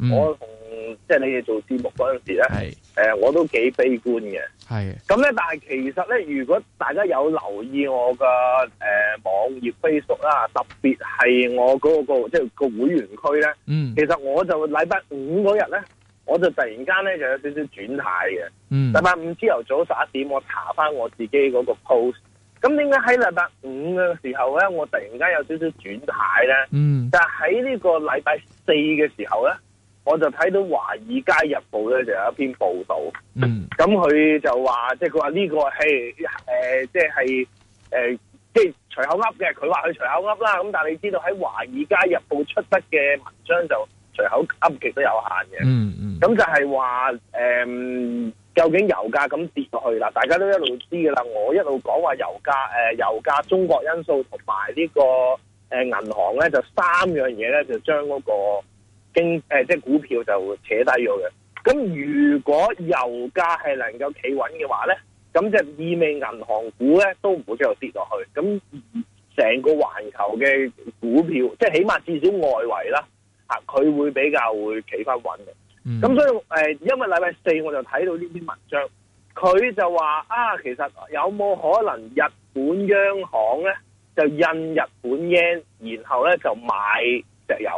嗯、我同即係你哋做節目嗰陣時咧，係誒、呃、我都幾悲觀嘅。係咁咧，但係其實咧，如果大家有留意我嘅誒、呃、網頁 Facebook 啦，特別係我嗰、嗰個即係、嗰個即係、個會員區咧，嗯，其實我就禮拜五嗰日咧，我就突然間咧就有少少轉態嘅。嗯，禮拜五朝頭早十一點我查翻我自己嗰個 post，咁點解喺禮拜五嘅時候咧，我突然間有少少轉態咧？嗯，但係喺呢個禮拜四嘅時候咧。我就睇到華爾街日報咧，就有一篇報道。嗯，咁佢就話，即係佢話呢個係誒，即係誒，即係隨口噏嘅。佢話佢隨口噏啦。咁但係你知道喺華爾街日報出得嘅文章就隨口噏極都有限嘅。嗯嗯。咁就係話誒，究竟油價咁跌落去啦？大家都一路知噶啦。我一路講話油價誒、呃，油價中國因素同埋呢個誒銀行咧，就三樣嘢咧，就將嗰、嗰個。經誒，即係股票就扯低咗嘅。咁如果油價係能夠企穩嘅話咧，咁就意味銀行股咧都唔會繼續跌落去。咁成個環球嘅股票，即係起碼至少外圍啦，吓佢會比較會企翻穩嘅。咁、嗯、所以誒，因為禮拜四我就睇到呢篇文章，佢就話啊，其實有冇可能日本央行咧就印日本 yen，然後咧就買石油。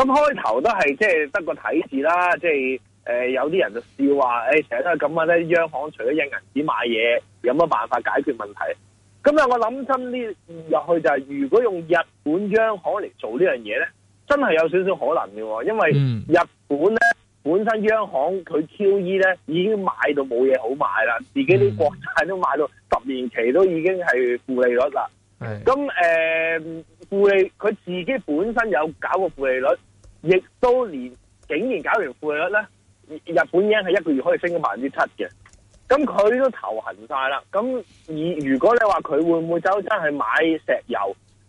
咁開頭都係即係得個睇字啦，即係誒有啲人就笑話，誒成日都係咁啊，咧，央行除咗印銀紙買嘢，有乜辦法解決問題？咁啊，我諗真啲入去就係、是，如果用日本央行嚟做呢樣嘢咧，真係有少少可能嘅，因為日本咧本身央行佢 QE 咧已經買到冇嘢好買啦，自己啲國債都買到十年期都已經係負利率啦。咁誒負利佢自己本身有搞個負利率。亦都連竟然搞完匯率咧，日本央行係一個月可以升咗百分之七嘅，咁佢都頭痕晒啦。咁而如果你話佢會唔會走親去買石油，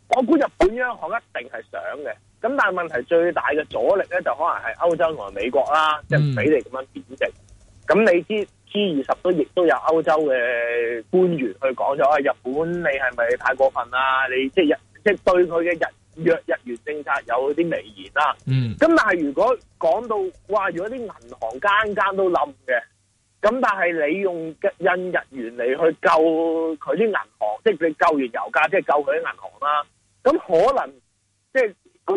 我估日本央行一定係想嘅。咁但係問題最大嘅阻力咧，就可能係歐洲同埋美國啦，即係唔俾你咁樣貶值。咁你知 G 二十都亦都有歐洲嘅官員去講咗啊，日本你係咪太過分啦你，即係日即係對佢嘅日若日元政策有啲微言啦、啊，咁、嗯、但係如果講到話，如果啲銀行間間都冧嘅，咁但係你用印日元嚟去救佢啲銀行，即係你救完油價，即、就、係、是、救佢啲銀行啦、啊，咁可能即係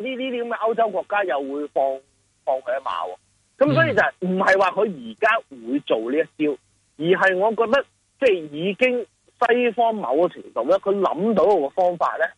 呢啲啲咁嘅歐洲國家又會放放佢一馬喎，咁、啊、所以就唔係話佢而家會做呢一招，而係我覺得即係、就是、已經西方某個程度咧，佢諗到個方法咧。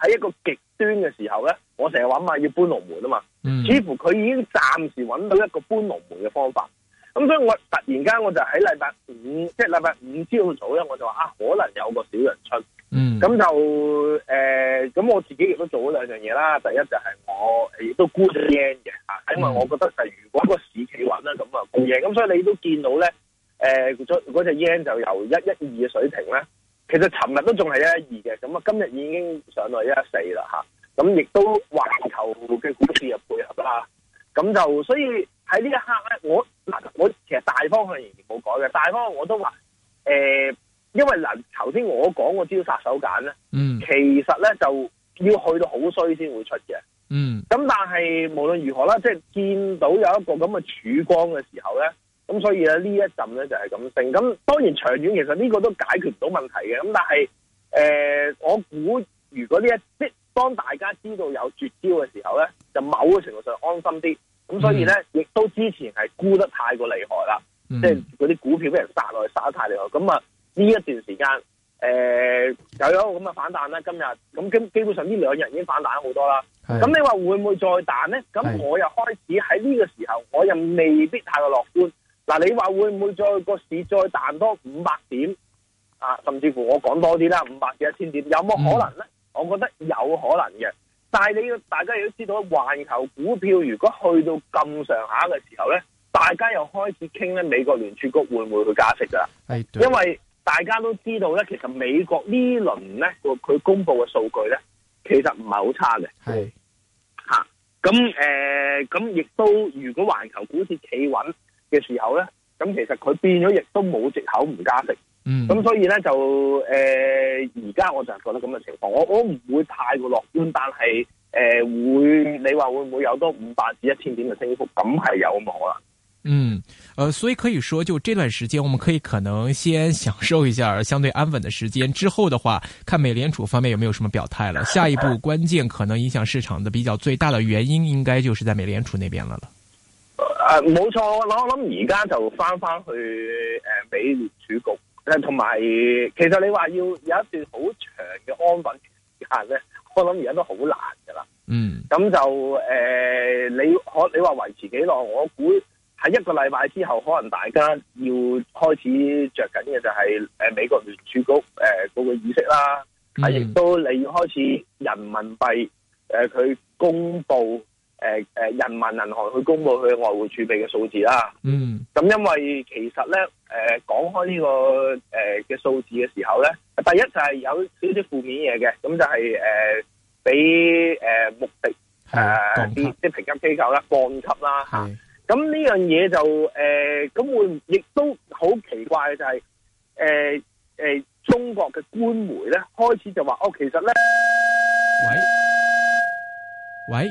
喺一個極端嘅時候咧，我成日諗吓要搬龍門啊嘛、嗯，似乎佢已經暫時揾到一個搬龍門嘅方法。咁所以我突然間我就喺禮拜五，即係禮拜五朝早咧，我就話啊，可能有個小陽春。咁、嗯、就誒，咁、呃、我自己亦都做咗兩樣嘢啦。第一就係我亦都沽咗 yen 嘅嚇，因為我覺得就如果個市企穩啦，咁啊沽 yen。咁所以你都見到咧，誒嗰隻 yen 就由一一二嘅水平咧。其實尋日都仲係一一二嘅，咁啊今日已經上到一一四啦，吓咁亦都環球嘅股市入配合啦，咁就所以喺呢一刻咧，我嗱我其實大方向仍然冇改嘅，大方向我都話誒、欸，因為嗱頭先我講我招殺手鐧咧，嗯，其實咧就要去到好衰先會出嘅，嗯但是，咁但係無論如何啦，即係見到有一個咁嘅曙光嘅時候咧，咁所以咧呢一陣咧就係咁升，咁當然長遠其實呢個都解決唔到問題嘅。咁但係、呃、我估如果呢一即當當大家知道有絕招嘅時候咧，就某個程度上安心啲。咁所以咧，亦、嗯、都之前係沽得太過厲害啦，即係嗰啲股票俾人殺落去殺得太厲害。咁啊呢一段時間誒又、呃、有咁嘅反彈啦，今日咁基基本上呢兩日已經反彈好多啦。咁你話會唔會再彈咧？咁我又開始喺呢個時候，我又未必太過樂觀。嗱，你話會唔會再個市再彈多五百點啊？甚至乎我講多啲啦，五百至一千點有冇可能咧、嗯？我覺得有可能嘅，但係你要大家亦都知道，環球股票如果去到咁上下嘅時候咧，大家又開始傾咧，美國聯儲局會唔會去加息噶？係，因為大家都知道咧，其實美國這輪呢輪咧佢佢公布嘅數據咧，其實唔係好差嘅。係，吓咁誒，咁亦、呃、都如果環球股市企穩，嘅時候咧，咁其實佢變咗亦都冇借口唔加息，嗯，咁所以咧就誒而家我就係覺得咁嘅情況，我我唔會太過樂觀，但係誒、呃、會你話會唔會有多五百至一千點嘅升幅，咁係有望啦。嗯，誒、呃，所以可以說就這段時間，我們可以可能先享受一下相對安穩嘅時間，之後的話，看美聯儲方面有沒有什麼表態了。下一步關鍵可能影響市場的比較最大的原因，應該就是在美聯儲那邊啦。誒、啊，冇錯，我諗我諗而家就翻翻去誒，美聯儲局誒，同埋其實你話要有一段好長嘅安穩時間咧，我諗而家都好難噶啦。嗯，咁就誒，你我你話維持幾耐，我估喺一個禮拜之後，可能大家要開始着緊嘅就係誒，美國聯儲局誒嗰、呃、個意識啦，啊，亦都你要開始人民幣誒，佢、呃、公布。誒、呃、誒，人民銀行去公布佢外匯儲備嘅數字啦。嗯，咁因為其實咧，誒、呃、講開呢、這個誒嘅數字嘅時候咧，第一就係有少少負面嘢嘅，咁就係誒俾誒目的誒啲、呃、即評級機構啦降級啦吓。咁呢樣嘢就誒咁、呃、會亦都好奇怪嘅就係誒誒中國嘅官媒咧開始就話哦，其實咧，喂喂。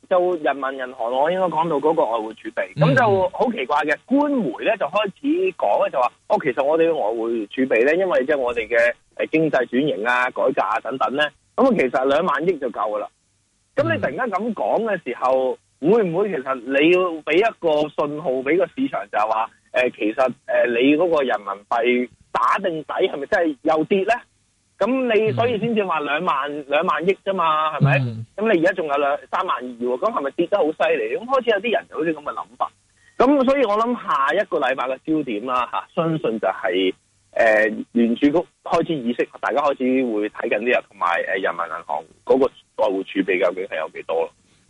就人民銀行，我應該講到嗰個外匯儲備，咁就好奇怪嘅官媒咧，就開始講咧，就話哦，其實我哋嘅外匯儲備咧，因為即係我哋嘅誒經濟轉型啊、改革啊等等咧，咁啊，其實兩萬億就夠噶啦。咁你突然間咁講嘅時候，會唔會其實你要俾一個信號俾個市場就是說，就係話誒，其實誒、呃、你嗰個人民幣打定底，係咪真係又跌咧？咁你所以先至話兩萬兩萬億啫嘛，係咪？咁 你而家仲有兩三萬億喎，咁係咪跌得好犀利？咁開始有啲人就好似咁嘅諗法，咁所以我諗下一個禮拜嘅焦點啦、啊、吓，相信就係誒聯儲局開始意識，大家開始會睇緊啲啊，同埋誒人民銀行嗰個外匯儲備究竟係有幾多？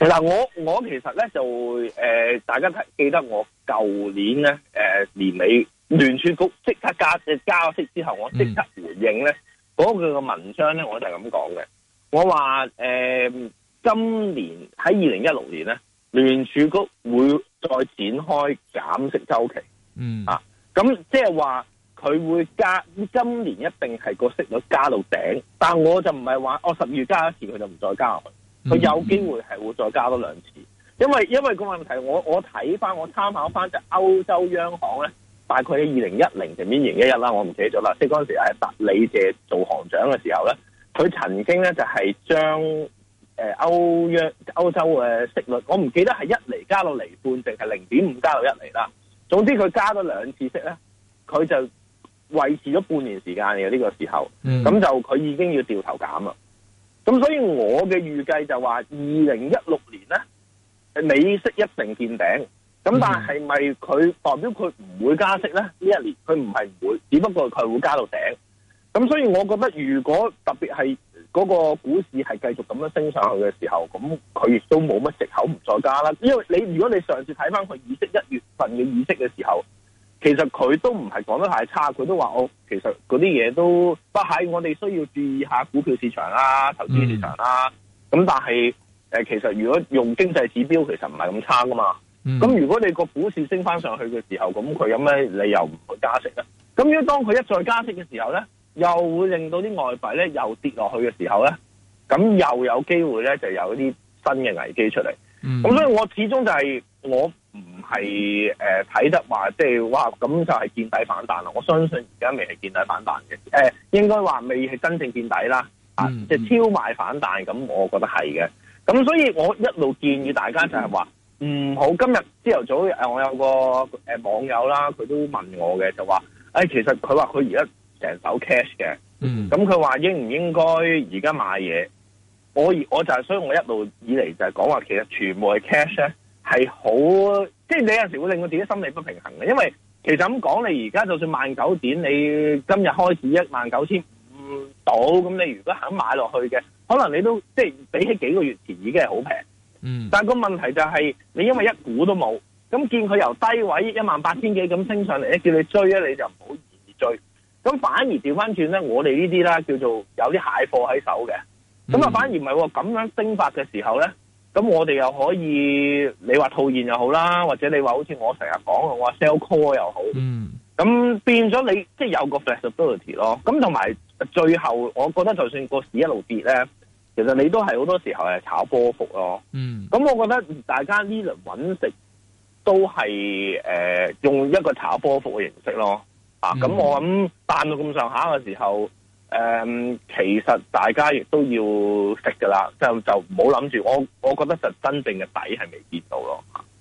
嗱，我我其實咧就誒、呃，大家睇記得我舊年咧誒、呃、年尾聯儲局即刻加加息之後，我即刻回應咧嗰句嘅文章咧，我就係咁講嘅。我話誒、呃、今年喺二零一六年咧，聯儲局會再展開減息週期。嗯啊，咁即係話佢會加，今年一定係個息率加到頂。但我就唔係話我十二月加一次，佢就唔再加去。佢有機會係會再加多兩次，因為因為個問題，我我睇翻我參考翻就歐洲央行咧，大概喺二零一零年邊年一日啦，2011，我唔記得咗啦。即嗰陣時係特里謝做行長嘅時候咧，佢曾經咧就係將誒、呃、歐央歐洲嘅息率，我唔記得係一釐加到釐半，定係零點五加到一釐啦。總之佢加多兩次息咧，佢就維持咗半年時間嘅呢、這個時候，咁就佢已經要掉頭減啦。咁所以我嘅預計就話二零一六年咧，美息一定見頂。咁但係係咪佢代表佢唔會加息咧？呢一年佢唔係唔會，只不過佢會加到頂。咁所以我覺得，如果特別係嗰個股市係繼續咁樣升上去嘅時候，咁佢亦都冇乜借口唔再加啦。因為你如果你上次睇翻佢議息一月份嘅議息嘅時候。其實佢都唔係講得太差，佢都話我、哦、其實嗰啲嘢都不喺我哋需要注意下股票市場啦、啊、投資市場啦、啊。咁、mm. 但係誒、呃，其實如果用經濟指標，其實唔係咁差噶嘛。咁、mm. 如果你個股市升翻上去嘅時候，咁佢有咩理由唔去加息啊？咁如果當佢一再加息嘅時候咧，又會令到啲外幣咧又跌落去嘅時候咧，咁又有機會咧就有一啲新嘅危機出嚟。咁、mm. 所以我始終就係、是。我唔係誒睇得話，即係哇咁就係見底反彈啦！我相信而家未係見底反彈嘅，誒、呃、應該話未係真正見底啦，Mm-hmm. 啊即係、就是、超賣反彈，咁我覺得係嘅。咁所以我一路建議大家就係話唔好今日朝頭早誒，我有個誒、呃、網友啦，佢都問我嘅，就話誒、哎、其實佢話佢而家成手 cash 嘅，嗯，咁佢話應唔應該而家買嘢？我我就係、是、所以我一路以嚟就係講話，其實全部係 cash 咧。係好，即係你有陣時會令到自己心理不平衡嘅，因為其實咁講，你而家就算萬九點，你今日開始一萬九千五到，咁你如果肯買落去嘅，可能你都即係比起幾個月前已經係好平。嗯，但係個問題就係、是、你因為一股都冇，咁見佢由低位一萬八千幾咁升上嚟咧，叫你追咧，你就唔好而追。咁反而調翻轉咧，我哋呢啲啦叫做有啲蟹貨喺手嘅，咁啊反而唔係喎，咁、嗯、樣升法嘅時候咧。咁我哋又可以，你話套現又好啦，或者你話好似我成日講嘅，我話 sell call 又好，咁、mm -hmm. 變咗你即係、就是、有個 flexibility 咯。咁同埋最後，我覺得就算個市一路跌咧，其實你都係好多時候係炒波幅咯。咁、mm -hmm. 我覺得大家呢輪搵食都係誒、呃、用一個炒波幅嘅形式咯。Mm -hmm. 啊，咁我諗彈到咁上下嘅時候。誒，um，其實大家亦都要食噶啦，就就唔好諗住。我我覺得就真正嘅底係未跌到咯。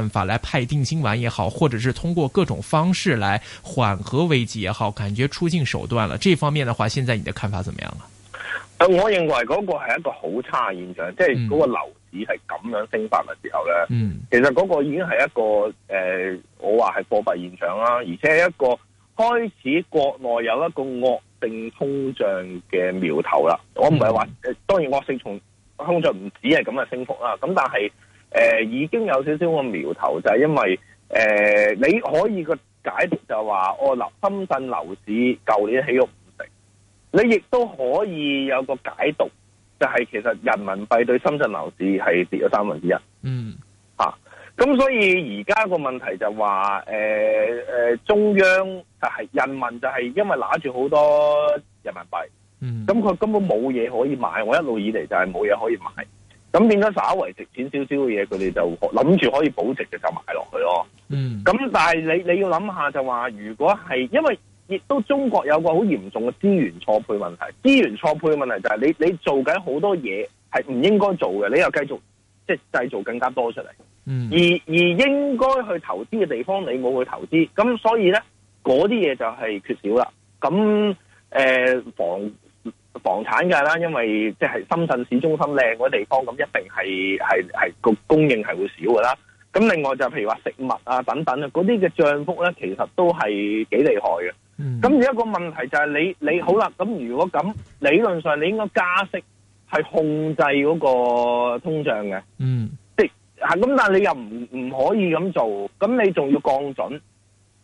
看法來派定心丸也好，或者是通過各種方式來緩和危機也好，感覺出盡手段了。這方面的話，現在你的看法怎麼樣？誒，我認為嗰個係一個好差嘅現象，嗯、即係嗰個樓市係咁樣升發嘅時候咧。嗯，其實嗰個已經係一個誒、呃，我話係貨幣現象啦，而且係一個開始國內有一個惡性通脹嘅苗頭啦。我唔係話當然惡性從通脹唔止係咁嘅升幅啦。咁但係。誒、呃，已經有少少個苗頭，就係、是、因為誒、呃，你可以個解讀就係話，我、哦、樓深圳樓市舊年起屋唔成，你亦都可以有個解讀，就係、是、其實人民幣對深圳樓市係跌咗三分之一。嗯、吓、啊，咁所以而家個問題就話，誒、呃、誒、呃，中央就係、是、人民就係因為揦住好多人民幣，嗯，咁佢根本冇嘢可以買，我一路以嚟就係冇嘢可以買。咁變咗稍為值錢少少嘅嘢，佢哋就諗住可以保值就買落去咯。嗯，咁但係你你要諗下就話，如果係因為亦都中國有個好嚴重嘅資源錯配問題，資源錯配嘅問題就係你你做緊好多嘢係唔應該做嘅，你又繼續即係、就是、製造更加多出嚟。嗯，而而應該去投資嘅地方你冇去投資，咁所以咧嗰啲嘢就係缺少啦。咁誒房，呃房產價啦，因為即係深圳市中心靚嗰地方，咁一定係係係個供應係會少噶啦。咁另外就譬如話食物啊等等啊，嗰啲嘅漲幅咧，其實都係幾厲害嘅。咁而家一個問題就係你你好啦，咁如果咁理論上你應該加息係控制嗰個通脹嘅，嗯，即係啊，咁但係你又唔唔可以咁做，咁你仲要降準。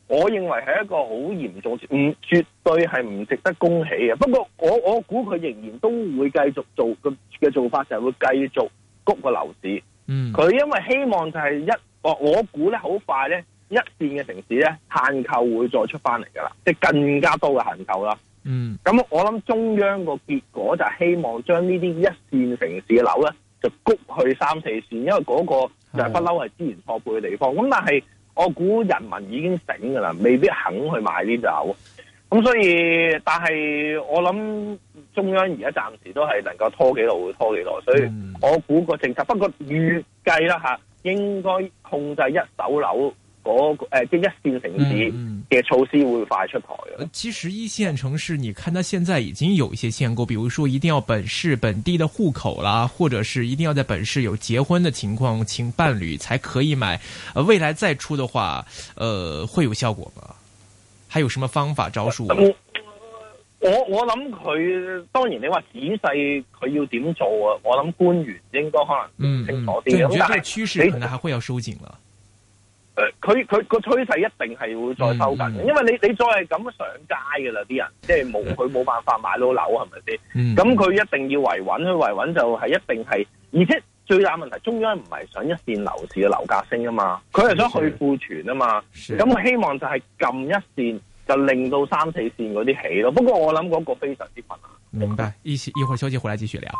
我認為係一個好嚴重的，唔絕對係唔值得恭喜嘅。不過我我估佢仍然都會繼續做嘅嘅做法，就係會繼續谷個樓市。嗯，佢因為希望就係一我我估咧，好快咧，一線嘅城市咧限購會再出翻嚟噶啦，即係更加多嘅限購啦。嗯，咁我諗中央個結果就係希望將呢啲一線城市嘅樓咧，就谷去三四線，因為嗰個就係不嬲係資源錯配嘅地方。咁但係我估人民已經醒㗎啦，未必肯去買呢啲樓，咁所以，但係我諗中央而家暫時都係能夠拖幾耐會拖幾耐，所以我估個政策，不過預計啦嚇，應該控制一手樓。嗰、那、誒、個呃、即一線城市嘅措施會快出台。嗯、其實一線城市，你看他現在已經有一些限購，比如說一定要本市本地的戶口啦，或者是一定要在本市有結婚的情況，請伴侶才可以買。未來再出的話，呃，會有效果嗎？還有什麼方法招數？我我諗佢當然你話仔細佢要點做啊！我諗官員應該可能清楚啲。我覺得呢個趨勢可能還會要收緊了。嗯佢佢個趨勢一定係會再收緊，嗯、因為你你再係咁上街㗎啦，啲人即係冇佢冇辦法買到樓，係咪先？咁、嗯、佢一定要維穩，佢維穩就係一定係。而且最大問題，中央唔係想一線樓市嘅樓價升啊嘛，佢係想去庫存啊嘛。咁佢希望就係撳一線，就令到三四線嗰啲起咯。不過我諗嗰個非常之困難。明白，一時一會兒休息回來繼續聊。